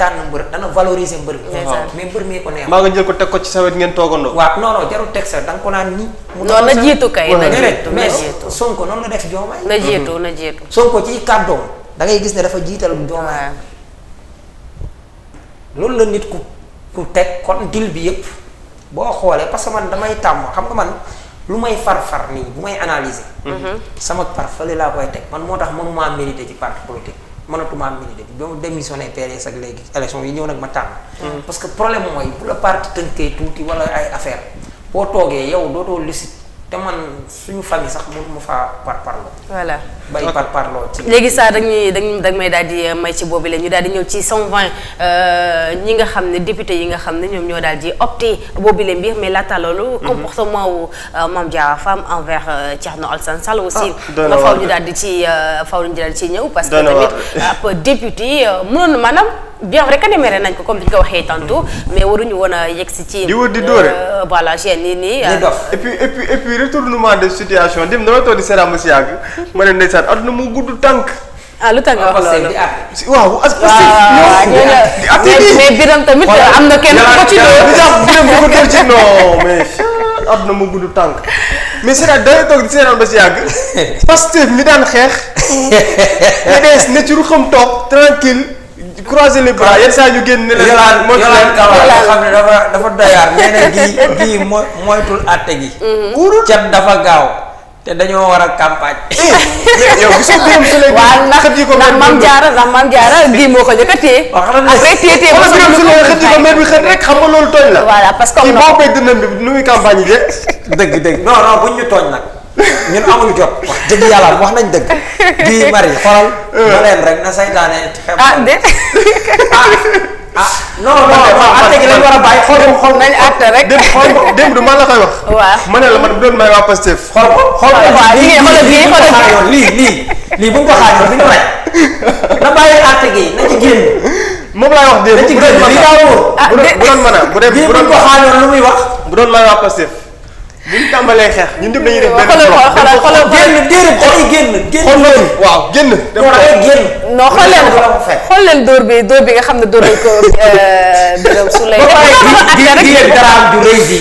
tànn mbër dana valoriser mbër bi mais mbër mi ko neex maa nga jël ko teg ko ci sawet ngeen toogandoo waaw non non jarul teg sa da nga ko naan ni mu non na jiitu kay na jiitu mais ko noonu la def joomaay da ngay gis ne dafa jiital joomaay loolu la nit ku ku teg kon dil bi yëpp boo xoolee parce que man damay tàmm xam nga man lu may far-far nii bu may analyser mhm. sama par fële laa koy teg man moo tax mënumaa mérité ci parti mënatuma am milité ba mu démissionné PDS ak léegi élection yi ñëw nag ma tànn. parce que problème mooy bu la parti tënkee tuuti wala ay affaire boo toogee yow dootoo lucide te man suñu famille sax mënu ma faa par parloo. voilà bay par parloo ci. léegi saa dañuy dañ dañ may daal di euh, may ci boobu la ñu daal di ñëw ci 120 euh, ñi nga xam ne député yi nga xam ne ñoom ñoo daal di opté boobu la mbir mais laata loolu. Mhm. comportement wu euh, Mame Diarra Fam envers Thierno Alassane salo aussi ah, nga faw ñu daal di ci faw ñu daal ci ñëw. parce que tamit ab député mënoon maanaam. bien vrai que ne mere nañ ko comme li nga waxee tantôt mais waruñu woon a yegg si ci. di wër di dóore euh, voilà gêne yi nii. ñu dof euh. de situation dem dama toog di seeraam si yàgg ma ne mu gudd tànk. ah lu tax nga wax loolu ah, waaw as as ah, mais biram tamit am na mu gudd tànk mais c'est vrai seeraan ba si yàgg Pastef mi daan xeex. PDS ne ci ruxam toog tranquille croiser les bras yenn saa ñu génn ne la. yolaan yolaan Kamara xam ne dafa dafa doyaar nee na moytul àtte gi. Mhm. cat dafa gaaw. te dañoo war a campagne. Eh, yow gisoo góoram su léegi. waaw ndax ko njëkk a téye. waaw xam naa rek xam nga loolu tooñ la. voilà parce que am na ci boo béy dinañ bi nu muy campagne yi de. dëgg dëgg non non buñ ñu tooñ nag. ñun amuñu jot dëgg yàlla wax nañ dëgg di mari xoolal. ma leen rek na saytaane. ah déet. ah, ah non non atte gi lañ war a bàyyi xool xool nañ atte rek démb du man la koy wax. waaw la man bu doon may wax bu doon mën a bu doon a bu doon mën a bu doon mën a bu doon mën a bu doon a bu doon mën a bu doon mën bu doon mën a bu a bu ñu tàmbalee xeex ñun ñëpp dañuy def benn bloc génn déedéet dañuy génn. génn waaw génn. dafa génn. non xool leen xool leen dóor bi dóor bi nga xam ne dóor nañ ko Birame Souleye. ba pare di di di daraam ju rëy ji.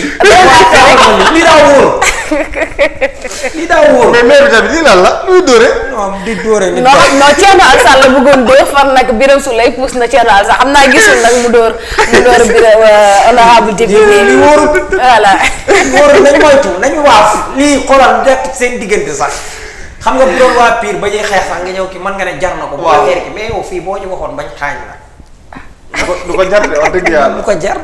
loolu laa lii daa wóor mais maire bi tamit lii lan la luy dóore. non di dóore nit non non Thierno Alassane la bëggoon dóor far nag Birame Souleye pousse na Thierno Alassane xam naa gisul nag mu dóor mu dóor Birame euh, honorable député li wóorul voilà. wóorul nañ moytu nañu waaf lii xoolal xam nga bu doon waa Pire ba ñuy xeex sax nga ñëw ki mën nga ne jar na ko. waaw bu fekkee mais yow fii boo ñu waxoon bañ xaañ du ko jar de wax dëgg yàlla du ko jar.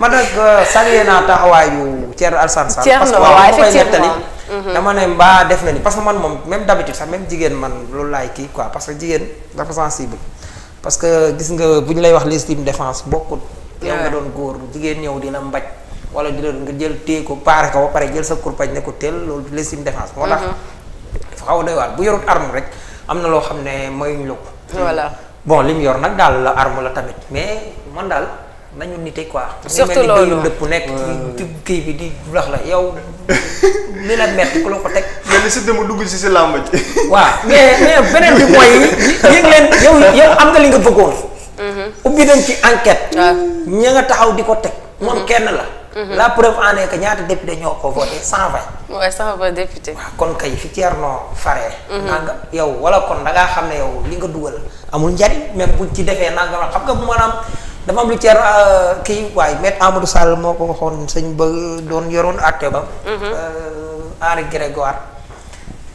man nag euh, salué naa taxawaayu Thierno Alassane Sall. parce que waaw koy nettali. Mhm. dama ne mbaa def na ni parce que man moom même d'habitude sax même jigéen man loolu laay kii quoi parce que jigéen dafa sensible. parce que gis nga bu ñu lay wax légitime défense bokkut. doon góor jigéen ñëw di mbaj. wala di la nga jël téye ko baare ko ba pare jël sa kurpañ ne ko teel loolu légitime défense. moo tax mhm. dafa xaw a doy bu yorut arme rek am na loo xam ne mayuñ la ko. bon li mu yor nag daal la arme la tamit mais man daal nañu nite quoi. surtout loolu mel ni dëpp nekk. ci kii bi di wax la yow li la métti ku la ko teg. mais li si dama dugg si si làmb waaw mais mais beneen bi mooy yëg leen yow yow am na li nga bëggoon. Mhm. ubbi dem ci enquête. ña nga taxaw di ko teg. moom mhm. kenn la. Mm-hmm. la preuve en est que ñaata député ñoo ko voté cent vingt. waaw kon kay fi Thierno Faré. Mm-hmm. nangam yow wala kon da xam ne yow li nga dugal amul njariñ même buñ ci defee nangam xam nga bu maanaam dafa am lu Thierno euh, kii waaye maître Amadou Sall moo ko waxoon sëñ ba doon yoroon àtte ba. Mm-hmm. Euh, Henri Grégoire.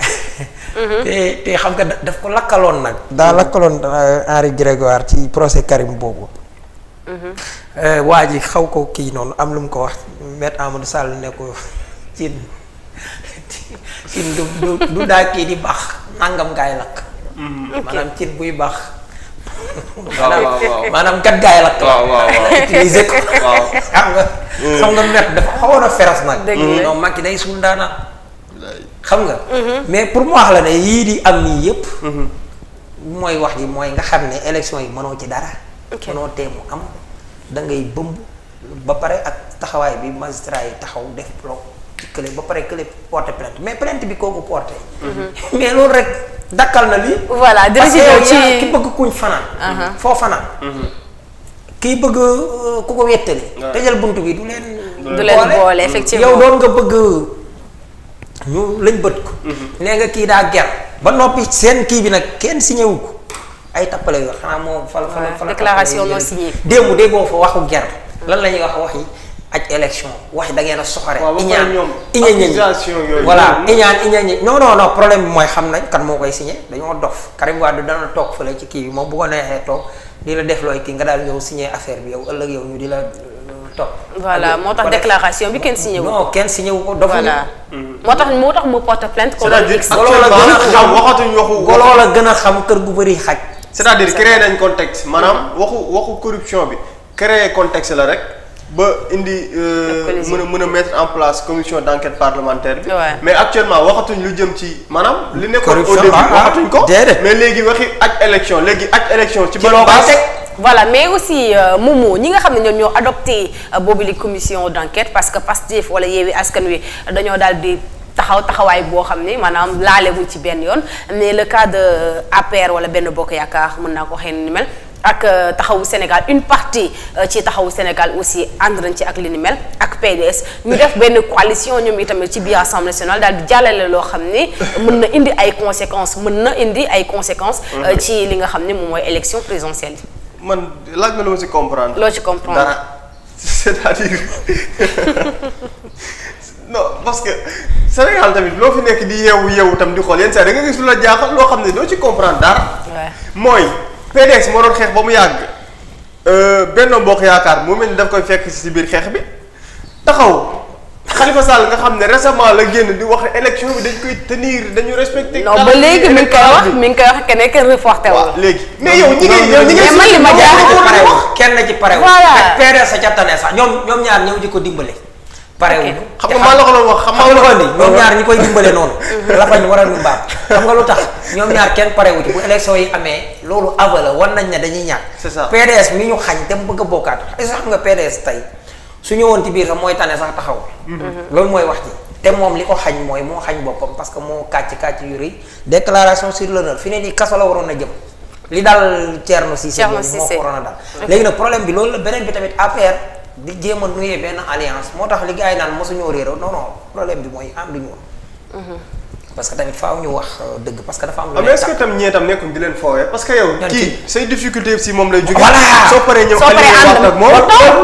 te te xam nga daf ko lakkaloon nag. daa lakkaloon euh, Henri Grégoire ci procès Karim boobu. Euh, waa ji xaw ko kii noonu am lu mu ko wax maître Amadou Sall ne ko cin cin du du du daa kii di baax nangam gaay lakk. Mm-hmm. maanaam cin buy baax. maanaam kat gaay lakk. waaw ko. xam nga. Mm. xam nga nga. Mm-hmm. mais pour mu wax la ne yii di am nii yépp mm-hmm. mooy wax ji mooy nga xam ne élection yi mënoo ci dara. mënoo tee am. da ngay bëmb ba pare ak taxawaay bi magistrat yi taxaw def bloc ci kële ba pare kële porté plainte mais plainte bi kooku porté. Mhm. mais loolu rek dakkal na li voilà dina ci ñëw ki bëgg kuñ fanaan. foo fanaan. Mhm. kiy bëgg euh, ku ko wettali. tëjal bunt bi du leen. du leen boole mm. effectivement yow doon nga bëgg ñu lañ bët ko. Mhm. nee nga kii daa ger ba noppi seen kii bi nag kenn si wu ko. ay tappale yoo xanaa moo. fa fa fa déclaration non signée. démb déggoo fa waxu ger lan la ñuy wax wax yi ak élection wax da ngeen a soxore. waaw ñoom yooyu voilà iñaan iñaan ñi non problème bi mooy xam nañ kan moo koy signé dañoo dof Karim Wade dana toog fële ci kii bi moom bu ko neexee toog di la kii nga daal ñëw signé affaire bi yow ëllëg yow ñu di la. Euh, topp voilà moo tax déclaration bi kenn signé wu. non kenn signé ko dof. voilà mm. moo tax moo tax mu porte plainte. ko la gën a xam waxatuñu waxu. goloo la gën a xam kër gu bëri xaj. c'est-à-dire créer nañ contexte maanaam waxu waxu corruption bi créer contexte la rek ba indi. Euh, mën a mën a mettre en place commission d'enquête parlementaire bi. mais actuellement waxatuñ lu jëm ci maanaam. nekk nekkoon au début ah, ah, waxatuñ ko mais léegi waxi ak élection léegi ak élection ci ban base voilà mais aussi euh, Momo ñi nga xam ne ñoom ñoo adopté euh, boobu li commission d'enquête parce que Pastef wala Yewwi Askan Wi dañoo daal di. taxaw taxawaay boo xam ni maanaam laale mu ci benn yoon mais le cas de APR wala benn bokk yaakaar mun naa ko xëy ni mel ak euh, taxawu Sénégal une partie euh, ci taxawu Sénégal aussi ànd nañ ci ak li ni ak PDS ñu def benn coalition ñoom itamit ci biir assemblée nationale daal di jàllale loo xam ni mën na indi ay conséquence mën na indi ay conséquences. Euh, mhm. ci li nga xam ni moom mooy élection présidentielle yi. man laaj nga loo ci comprendre. loo ci comprendre dara non parce que Sénégal tamit loo fi nekk di yeewu yeewu tam di xool yenn saa da nga gis lu la jaaxal loo xam ne doo ci comprendre dara. mooy PDS moo doon xeex ba mu yàgg. Euh, benn Bokk Yaakaar moo mel ni daf koy fekk si biir xeex bi taxaw Khalifa Sall nga xam ne récemment la génn di wax élection bi dañ koy tenir dañu respecté. non ba léegi mi ngi koy wax mi ngi koy wax kenn kenn reporté waaw léegi mais yow ñi ngi yow ñi ngi. mais kenn ci pare kenn ci pare voilà PDS ca di ko dimbale. pare xam nga maa la ko wax xam nga la ko ni ñoom ñaar ñi koy dimbale noonu lafañ war a lu mbaam xam nga lu tax ñoom ñaar kenn pare bu élection yi amee loolu ava la nañ ne dañuy ñàkk c'est ça PDS mi ñu xañ dem bëgg a bokkaat sax xam nga PDS tey su ñëwoon woon biir sax mooy tane sax taxaw mhm. loolu mooy wax ji te moom li ko xañ mooy moo xañ boppam parce que moo kàcc kàcc yu rëy déclaration sur l'honneur fi ne nii kaso la waroon a jëm li daal Thierno Cissé moo ko waroon a daal bi loolu beneen bi tamit APR di jéem a nuyee benn alliance moo tax li gars yi naan mosuñoo réeroo non non problème bi mooy am duñu wax. Mhm. parce que tamit fa ñu wax euh, dëgg parce que dafa am. lu ah, mais est-ce que tam ñee tam leen foowee parce que yow. moom lay. jógee soo paree ñëw ànd ak moom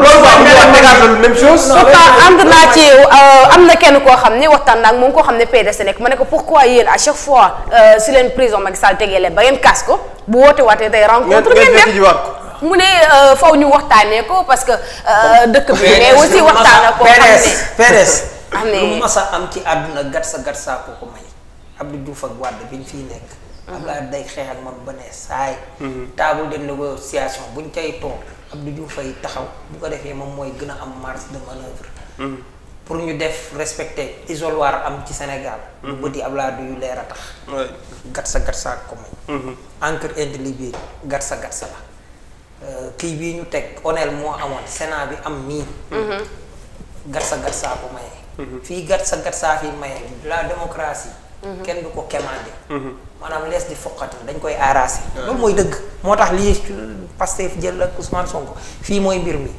loolu même chose. Euh, na kenn koo xam ne waxtaan naa ak moom koo xam ne PDS nekk ma ne ko pourquoi yéen à chaque fois euh, si leen prison Macky Sall tegee leen ba ngeen kaas ko bu woote waatee day rencontre ngeen dem mu ne euh, faw ñu waxtaanee ko parce que. Euh, dëkk bi mais aussi waxtaan ak. ko xam ne lu mas am ci àdduna gat sa gat saa ko ko may Abdou Diouf ak Wade bi ñu fiy nekk. Mhm. Abdoulaye day xeex ak man ba ne saay. Mhm. table de négociation buñ cay toog Abdou Diouf ay taxaw bu ko defee moom mooy gën a am marge de manœuvre. Mhm. pour ñu def respecter isoloir am ci Sénégal. lu bëti laa du yu leer a tax. gat sa gat saa ko may. encre indi libéré gat sa gat sa la. kii bii ñu teg onel moo amoon sena bi am nii. Mhm. gatsa gatsaa ko maye. Mhm. fii gatsa gatsaa fi maye la démocratie. Mhm. kenn du ko kemaande. maanaam lees di foqati dañ koy arrasé. loolu mooy dëgg moo tax lii Pastef jël ak Ousmane Sonko fii mooy mbir mi.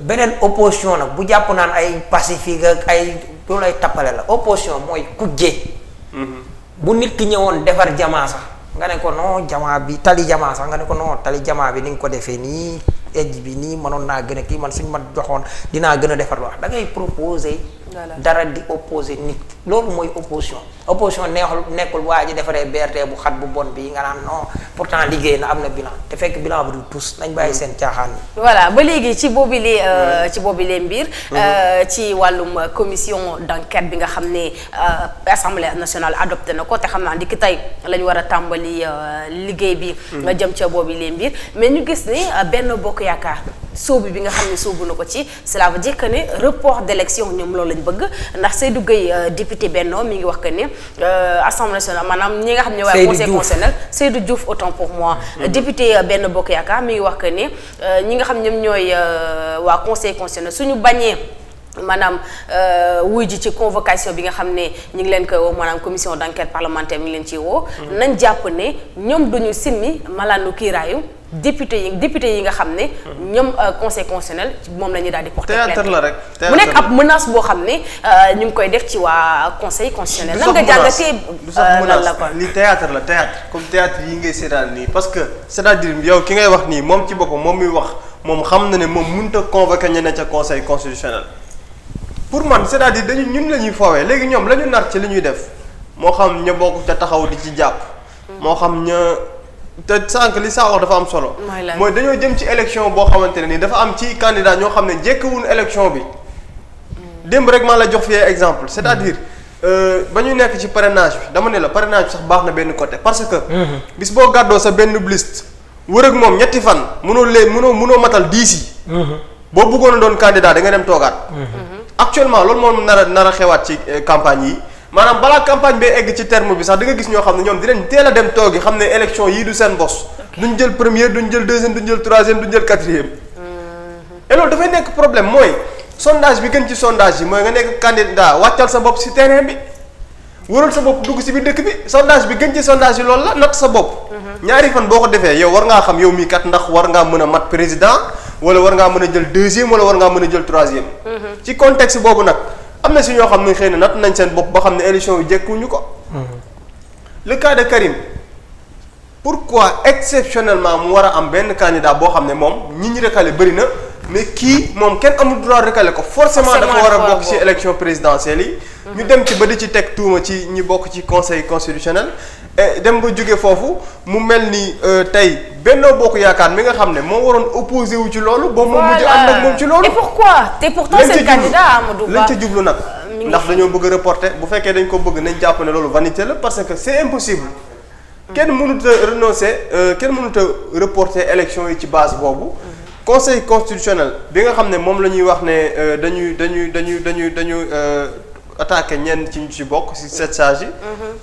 beneen opposition nag bu jàpp naan ay pacifique ak ay loolu ay tappale la opposition mooy kujje. bu nit ki ñëwoon defar jamaa sax. nga ne ko non jamaa bi tali jamaa sax nga ne ko non tali jamaa bi ni nga ko defee nii ejj bi nii mënoon naa gën a kii man suñ ma joxoon dinaa gën a defar lu wax da ngay proposer. dara di opposer nit loolu mooy opposition. opposition neexul nekkul waa ji defaree BRT bu xat bu bon bi nga naan non pourtant liggéey na am na bilan te fekk bilan bi du tous nañ bàyyi mm. seen caaxaan yi. voilà ba léegi ci boobile euh, mm. ci boobile mbir. Mm-hmm. Euh, ci wàllum commission d'enquête bi nga xam ne euh, assemblée nationale adopté na ko te xam naa ndiki tey lañu war a tàmbali liggéey bi. Mm-hmm. nga jëm ca lee mbir mais ñu gis ni benn bokk yaakaar. sóobu bi nga xam ne sóobu na ko ci cela veut dire que ne report ñoom loolu lañ bëgg ndax Seydou Gueye député Benno mi ngi wax que ne. Euh, assemblée nationale maanaam ñi nga xam ne waaye conseil constitutionnel du Diouf autant pour moi mm-hmm. député euh, benn bokk yaakaar mi ngi wax que ne euh, ñi nga xam ñoom ñooy waa conseil constitutionnel suñu bañee maanaam euh, wuy ji ci convocation bi nga xam ne ñu ngi leen koy woo maanaam commission d'enquête parlementaire mi ngi leen ciy woo. Mm-hmm. nañ jàpp ñoom duñu simmi malaanu kiiraayu député yi député yi nga xam ne. Mm-hmm. ñoom euh, conseil constitutionnel moom la daal di porter plainte la rek. mu nekk ab menace boo xam ne euh, ñu ngi koy def ci waa conseil constitutionnel. nan nga jàngatee la ko li théâtre la théâtre comme théâtre yi ngay seetaan nii parce que cest à yow ki ngay wax nii moom ci boppam moom muy wax moom xam na ne moom mënut a convoquer ñeneen ca conseil constitutionnel. pour man c'est-à-dire dañu ñun la ñuy foowee léegi ñoom la ñu ci li ñuy def moo xam ña bokk ca taxaw di ci jàpp. moo xam ña te sànq li saa wax dafa am solo. mooy dañoo jëm ci élection boo xamante ne ni dafa am ci candidat ñoo xam ne jékkiwuñu élection bi. démb rek maa la jox fii exemple c'est-à-dire. Euh, ba ñu nekk ci parrainage bi dama ne la parrainage bi sax baax na benn côté parce que. Mhm. bis boo gàddoo sa benn liste wër ak moom ñetti fan mënoo lee mënoo mënoo matal diis yi. Mhm. boo bëggoon doon candidat da nga dem toogaat. Mhm. actuellement loolu moom nar a nar a xewaat ci euh, campagne yi maanaam balaa campagne bee egg ci terme bi sax da nga gis ñoo xam ne ñoom di leen a dem toogi xam ne élection yi du seen bos duñ jël première duñ jël deuxième duñ jël troisième duñ jël quatrième mm-hmm. et loolu dafay nekk problème mooy sondage bi gën ci sondage yi mooy nga nekk candidat wàccal sa bopp si terrain bi wëral sa bopp dugg si biir dëkk bi sondage bi gën ci sondage yi loolu la natt sa bopp mm-hmm. ñaari fan boo ko defee yow war ngaa xam yow mii ndax war ngaa mën a mat président wala war ngaa mën a jël deuxième wala war ngaa mën a jël troisième. Mhm. ci contexte boobu nag am na si ñoo xam ne xëy na natt nañ seen bopp ba xam ne élection yu jekkuñu ko. Mhm. le cas de Karim pourquoi exceptionnellement mu war a am benn candidat boo xam ne moom ñi ñu recalé bëri na mais kii moom kenn amul droit recalé ko forcément dafa war a bokk ci élection présidentielle yi. Mhm. ñu dem ci ba di ci teg tuuma ci ñi bokk ci conseil constitutionnel. Eh, dem ba jóge foofu mu mel ni euh, tey Benno Bokk Yaakaar mi nga xam ne moo waroon opposé wu ci loolu. ba moom mujj ànd ak moom ci loolu. et pourquoi te pourtant seen candidat lañ ca jublu nag. Euh, ndax dañoo bëgg reporter bu fekkee dañ ko bëgg nañ jàpp ne loolu vanité la parce que c'est impossible. kenn mënut a renoncer euh, kenn mënut a reporter élection yi ci base boobu. conseil constitutionnel bi nga xam ne moom la ñuy wax ne dañuy dañuy dañuy dañuy dañuy. attaqué ñenn ci ñu ci bokk ci set charge yi.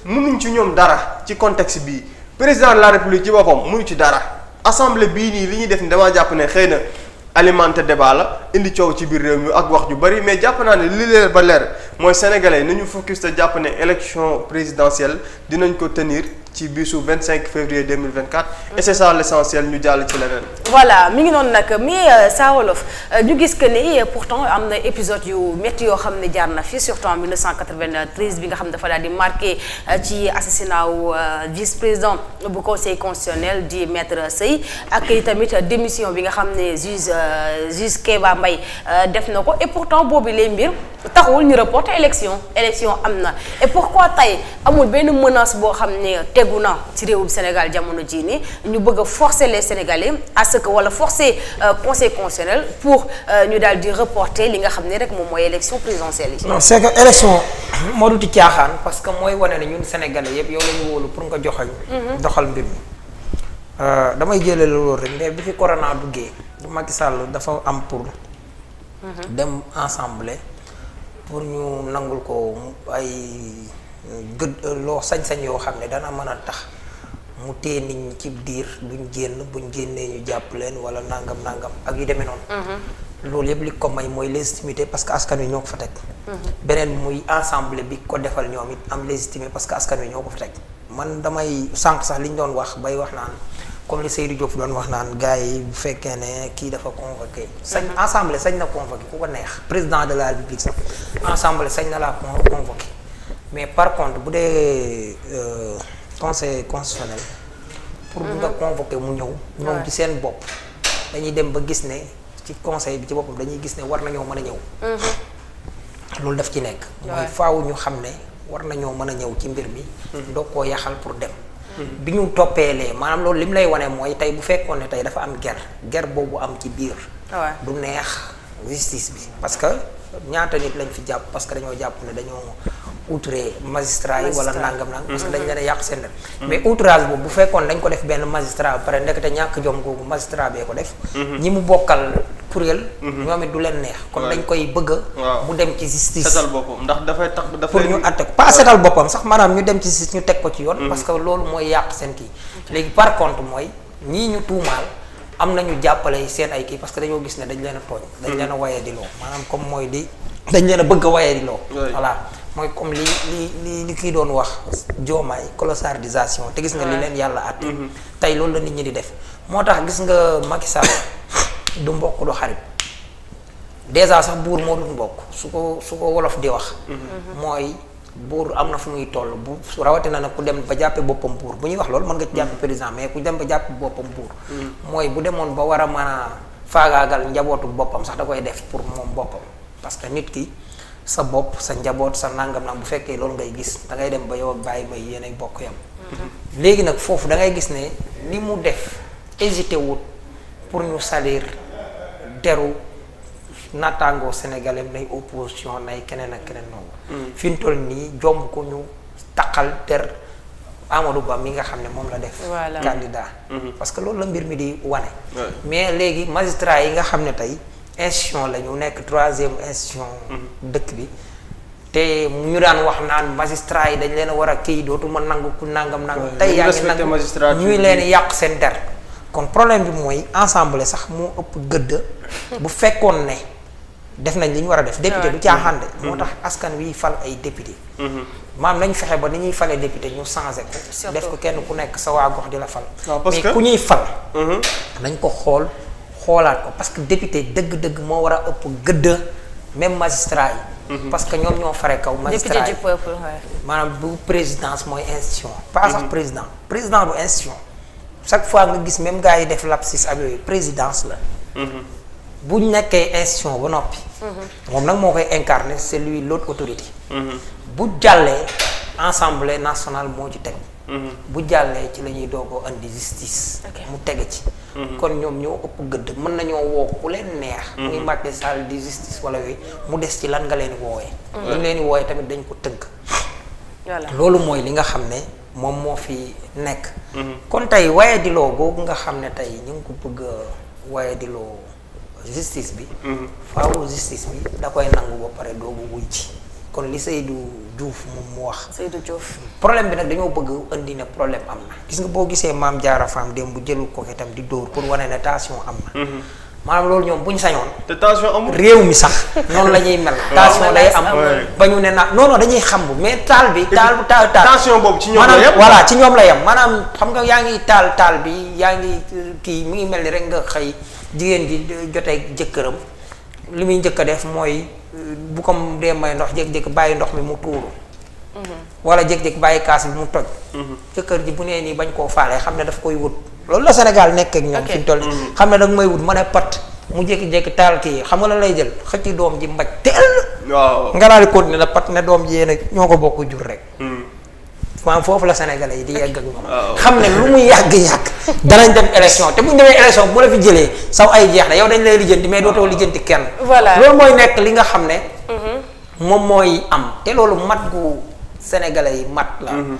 mënuñ ci ñoom dara ci contexte bi président la république ci boppam mënu ci dara assemblée bii nii li ñuy def ni damaa jàpp ne xëy na alimenté débat la indi coow ci biir réew mi ak wax ju bëri mais jàpp naa ne li leer ba leer mooy ni ñu focus sa jàpp ne élection présidentielle dinañ ko tenir. ci bisu février 2024. et c'est ça ñu jàll ci leneen. voilà mi ngi noonu nag mais euh, Saa Wolof euh, ñu gis que ni euh, pourtant am na épisode yu métti yoo xam ne jaar na fi surtout bi nga xam dafa daal di marqué ci assassinat wu vice président bu conseil constitutionnel di maître Sey ak tamit démission bi nga xam ne juge juge Kéba Mbaye def na ko et pourtant boobu lay mbir taxul ñu reporter élection élection am na et pourquoi tey amul benn menace boo xam ne. tegu na ci réewum Sénégal jamono jii nii ñu bëgg a forcer les Sénégalais à ce que wala forcer euh, conseil constitutionnel pour euh, ñu daal di li nga xam ne rek moom mooy élection présidentielle yi. non c'est que élection moo duti caaxaan parce que mooy wane ne ñun Sénégalais yëpp yow la ñu wóolu pour nga joxal. Mhm. doxal mbir mi. Euh, damay jëlee loolu rek mais bi fi corona duggee Macky Sall dafa am pour. Mhm. dem ensemble pour ñu nangul ko ay. gëd loo sañ-sañ yoo xam ne dana mën a tax mu téye nit ñi ci diir duñ génn buñ génnee ñu jàpp leen wala nangam nangam ak yu demee noonu. Mhm. loolu yëpp li ko may mooy légitimité parce que askan wi ñoo ko fa teg. Mhm. beneen muy ensemble bi ko defal ñoom it am légitimité parce que askan wi ñoo ko fa teg. man damay sànq sax li ñu doon wax bay wax naan comme li Seydou Diop doon wax naan gars yi bu fekkee ne kii dafa convoqué. sañ mhm. ensemble sañ na convoqué ku ko neex. président de la république sax ensemble sañ na laa convoqué. mais par contre bu dee euh, conseil constitutionnel. pour bu nga mhm. mu ñëw. ñoom ci seen bopp dañuy dem ba gis ne ci conseil bi ci boppam dañuy gis ne war nañoo mën a ñëw. Mhm. loolu daf ci nekk. mooy faw ñu xam ne war nañoo mën a ñëw ci mbir mi. Mhm. doo koo yaxal pour dem. bi ñu toppeelee maanaam loolu li mu lay wane mooy tey bu fekkoon ne tey dafa am ger ger boobu am ci biir. du neex justice bi parce que ñaata nit lañ fi jàpp parce que dañoo jàpp ne dañoo. outré magistrat yi wala nangam nangam parce que mm-hmm. dañ leen a yàq seen dem mm-hmm. mais outrage boobu bu fekkoon dañ ko def benn magistrat ba pare ndekete ñàkk jom googu magistrat bee ko def mm-hmm. ñi mu bokkal kuréel ñoom it du leen neex kon dañ koy bëgg bu dem ci justice setal boppam ndax dafay tax dafay pour ñu atte ko pas setal boppam sax maanaam ñu dem ci ñu teg ko ci yoon parce que loolu mooy yàq seen kii léegi par contre mooy ñii ñu tuumaal am nañu jàppale seen ay kii parce que dañoo gis ne dañ leen a tooñ dañ leen a wayee di loo maanaam comme mooy di dañ leen a bëgg mooy comme li li li kii doon wax joomaay colossardisation te gis nga li leen yàlla at mm-hmm. tey loolu la nit ñi di def moo tax gis nga Macky Sall du mbokk du xarit déjà sax buur moo dul mbokk su ko su ko wolof di wax mm-hmm. mooy buur am na fu muy toll bu rawatina nag ku dem ba jàppe boppam buur bu ñuy wax loolu mën nga ci jàppe mm-hmm. président mais ku dem ba jàppe boppam buur mooy bu demoon ba war a mën a faagaagal njabootu boppam sax da koy def pour moom boppam parce sa bopp sa njaboot sa nangam nag bu fekkee loolu ngay gis da ngay dem ba yow ak bàyyi may yéenay bokk yam mhm. léegi nag foofu dangay gis ne li mu def hésité wut pour ñu salir deru nattaangoo sénégalais nay opposition nay keneen ak keneen noonu. Mhm. fi mu toll nii jomb ko ñu taqal der Amadou Ba mi nga xam ne moom la def. candidat mhm. parce que loolu la mbir mi di wane. mais léegi magistrat yi nga xam ne tey. institution la ñu nekk troisième institution mhm. dëkk bi te ñu daan wax naan magistrat yi dañ leen a war a kii dootuma nangu ku nangam nangam tey yaa ngi nag ñuy leen yàq seen der kon problème bi mooy ensemble sax moo ëpp gëdd bu fekkoon ne def nañ li ñu war a def député du caaxaan de mhm. moo tax askan wiy fal ay député mhm. maam nañ fexe ba ni ñuy falee député ñu changé ko def ko kenn ku nekk sa waa gox di la fal mais ku ñuy fal nañ ko xool xoolaat ko parce que député dëgg-dëgg moo war a ëpp gëdd même magistrat yi. Mhm. parce que ñoom ñoo fare kaw. magistrat yi maanaam bu présidence mooy institution. pas sax mhm. président président du institution. chaque fois nga gis même gars yi def lapsus ak yooyu présidence la. Mhm. bu ñu nekkee institution ba noppi. moom nag moo koy incarner c'est lui l'autre autorité. bu jàllee assemblée nationale moo ci teg. bu jàllee ci la ñuy doogoo andi justice. mu teg ci. Mhm. kon ñoom ñoo ëpp gëdd mën nañoo woo ku leen neex. Mhm. muy Macky Sall di justice wala yooyu mu des ci lan nga leen wooyee. lan mhm. leen wooyee tamit dañ ko tënk. loolu mooy li nga xam ne moom moo fi nekk. kon tey waaye di loo googu nga xam ne tey ñu ngi ko bëgg a waaye di loo justice bi. faaw justice bi da koy nangu ba pare doogu wuy ci. kon li Seydou Diouf moom mu wax. Seydou Diouf problème bi nag dañoo bëgg indi na problème am na. gis nga boo gisee maam Diarra Fam démb bu jëlul ko itam di dóor pour wane ne tension am na. Mhm. maanaam loolu ñoom bu ñu sañoon. te tension réew mi sax noonu la ñuy mel. tension day am ba ñu ne na non non dañuy xam mais taal bi. taal bu taal taal boobu ci ñoom la yem voilà ci ñoom la am maanaam xam nga yaa ngi taal taal bi yaa ngi kii mi ngi mel ni rek nga xëy jigéen gi jotee jëkkëram. li muy jëkk a def mooy bu ko dee may ndox jékki-jékki bàyyi ndox mi mu tuuru. Mm-hmm. wala jékki-jékki bàyyi kaas bi mu toj. jëkkër mm-hmm. ji bu nee nii bañ koo faale xam ne daf koy wut. loolu la Sénégal nekk ak ñoom. fi mu mm-hmm. xam ne danga may wut ma ne pat mu jékki-jékki taal kii xam nga lan lay jël xëcc doom ji mbaj teel. waaw nga daal di continuer la pat ne doom ji yéen ñoo ko bokk jur rek. maanaam foofu la Sénégalais yi di yegg ak moom. xam ne lu muy yàgg-yàgg. danañ dem élection te bu ñu demee élection bu la fi jëlee saw ay jeex na yow dañ lay lijjanti mais dootoo lijjanti kenn. voilà loolu mooy nekk li nga xam ne. Mhm. moom mooy am te loolu mat gu Sénégalais yi mat la. Mhm.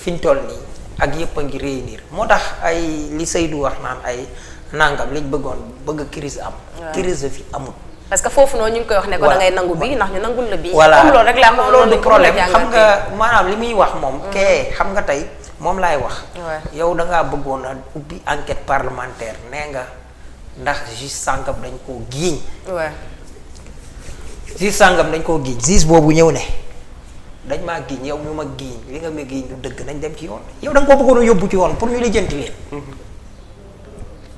fi ñu toll nii ak yëpp a ngi réunir moo tax ay li Seydou wax naan ay nangam liñ bëggoon bëgg crise am. crise fi amut. parce que foofu noonu ñu ngi koy wax ne ko da ngay nangu bi ndax ñu nangul la bi voilà comme loolu rek laa xam loolu du problème nga maanaam li muy wax moom mm-hmm. kee xam nga tey moom laay wax yow dangaa bëggoon a ubbi enquête parlementaire nee nga ndax juge sàngam dañ koo giiñ juge sàngam dañ koo giiñ juge boobu ñëw ne dañ maa giiñ yow ñu ma giiñ li nga ma giiñ du dëgg nañ dem ci yoon yow da nga koo bëggoon a yóbbu ci yoon pour ñu lijjanti leen mm-hmm.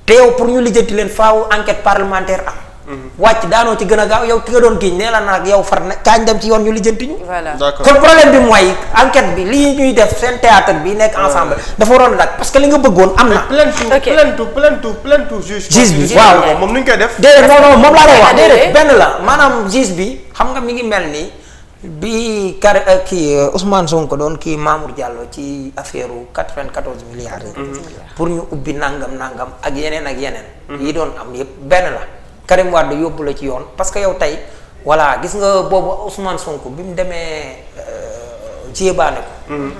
te yow pour ñu lijjanti leen faaw enquête parlementaire am Mm-hmm. wàcc daanoo ci gën a gaaw yow ki nga doon giñ nee la nag yow far na kaañ dem ci yoon ñu lijjanti ñu. kon problème bi mooy enquête bi lii ñuy def seen théâtre bi nekk ensemble dafa waroon a dakk parce que li nga bëggoon am na. ok plainte plainte plainte juge. juge bi waaw moom nu ñu koy def. déedéet non non moom laa doon wax déedéet benn la maanaam juge bi xam nga mi ngi mel ni. bi kar euh, kii euh, Ousmane Sonko doon kii Mamour Diallo ci affaire u quatre-vingt-quatorze milliards yi. pour ñu ubbi nangam ak yeneen ak yeneen. Mm-hmm. yi Karim Wade yóbbu la ci yoon parce que yow tey voilà gis nga boobu Ousmane Sonko bi mu demee jéebaane euh, ko. Mm-hmm.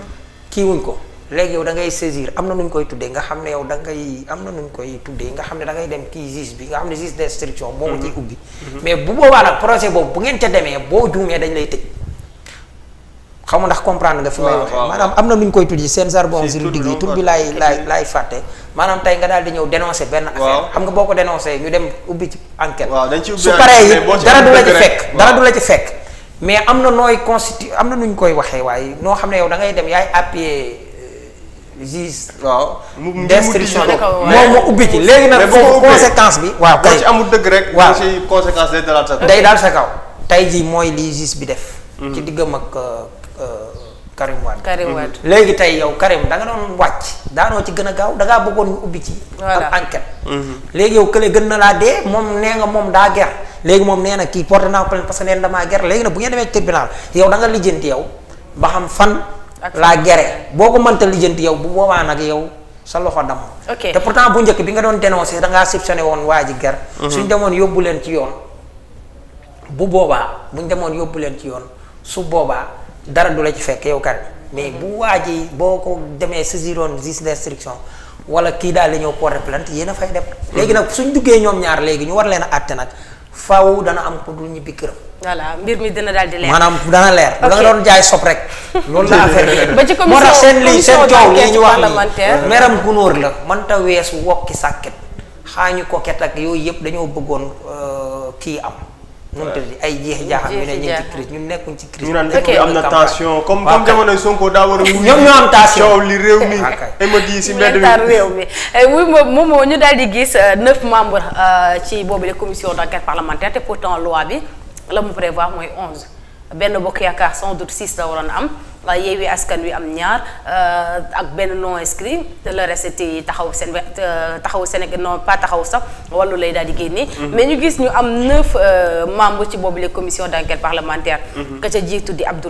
kii wuñ ko léegi yow da ngay saisir am na nu koy tuddee nga xam ne yow da ngay am na nu koy tuddee nga xam ne da ngay dem kii juge bi nga xam ne juge d'instruction. moo ko mm-hmm. ciy ubbi. Mm-hmm. mais bu boobaa nag projet boobu bu ngeen ca demee boo juumee dañ lay tëj. xaw ma ndax comprendre nga fi may waxee maanaam am na lu ñu koy tudd seen jargon juridique yi tur bi laay laay laay fàtte maanaam tey nga daal di ñëw dénoncer benn affaire xam nga boo ko dénoncer ñu dem ubbi ci enquête su paree yi dara du la ci fekk fekk mais am na nooy constitué am na nu ñu koy waxee waaye noo xam ne yow da ngay dem yaay appuyer euh, juge waaw d'instruction moom moo ubbi ci léegi nag foofu conséquence bi waaw kay amul dëgg rek waaw ci conséquence day daal sa kaw day tey jii mooy lii juge bi def hmm. ci diggam ak euh, Karim Wade. Karim Wade mm-hmm. léegi tey yow Karim da nga doon wàcc daanoo ci gën a gaaw da ngaa bëggoon ñu ubbi ci. voilà ab enquête. Mm-hmm. léegi yow kële gën na laa dee moom nee nga moom daa ger léegi moom nee na kii porté naa plainte parce que nee na damaa ger léegi nag bu ngeen demee ci tribunal yow da lijjanti yow ba xam fan. laa gere boo ko mënta lijjanti yow bu boobaa nag yow sa loxo dam ok te pourtant bu njëkk bi nga doon dénoncé da ngaa soupçonné woon waa ji ger. Mm-hmm. suñ demoon yóbbu leen ci yoon bu boobaa buñ demoon yóbbu leen ci yoon dara du la ci fekk yow Karim mais bu waa ji boo ko demee saisiroon juge d'instruction wala kii daal di ñëw porter plainte yéen a fay dem. Mhm. léegi nag suñ duggee ñoom ñaar léegi ñu war leen a àtte nag faaw dana am ku dul ñibbi këram. voilà mbir mi dina daal di leer. maanaam dana leer. ok da doon jaay sob rek. loolu la affaire bi ba ci commission moo ñu wax nii meram gunóor la mënta weesu wokki sàkket xaañu koket ak yooyu yëpp dañoo bëggoon euh, kii am. voilà ay jeex jaaxal ñu ne ñu ngi ci crise ñun nekkuñ ci crise. ñu am na tension comme comme jamonoy Sonko daa war a. ñoom ñoo am tension li réew mi. émodi si mbedd mi réew eh, moom ñu daal di gis euh, neuf membre euh, ci boobu la commission d'enquête parlementaire te pourtant loi bi la mu prévoir mooy onze. benn bokk yaakaar sans doute six la waroon am yeewi askan wi am ñaar euh, ak benn non inscrit le reste taxaw seen taxaw Sénégal non pas taxaw sax wàllu lay daal di génne. Mhm. mais ñu gis ñu am neuf euh, membres ci boobu les commission d' enquête parlementaire. Mhm. ka jiitu di Abdoul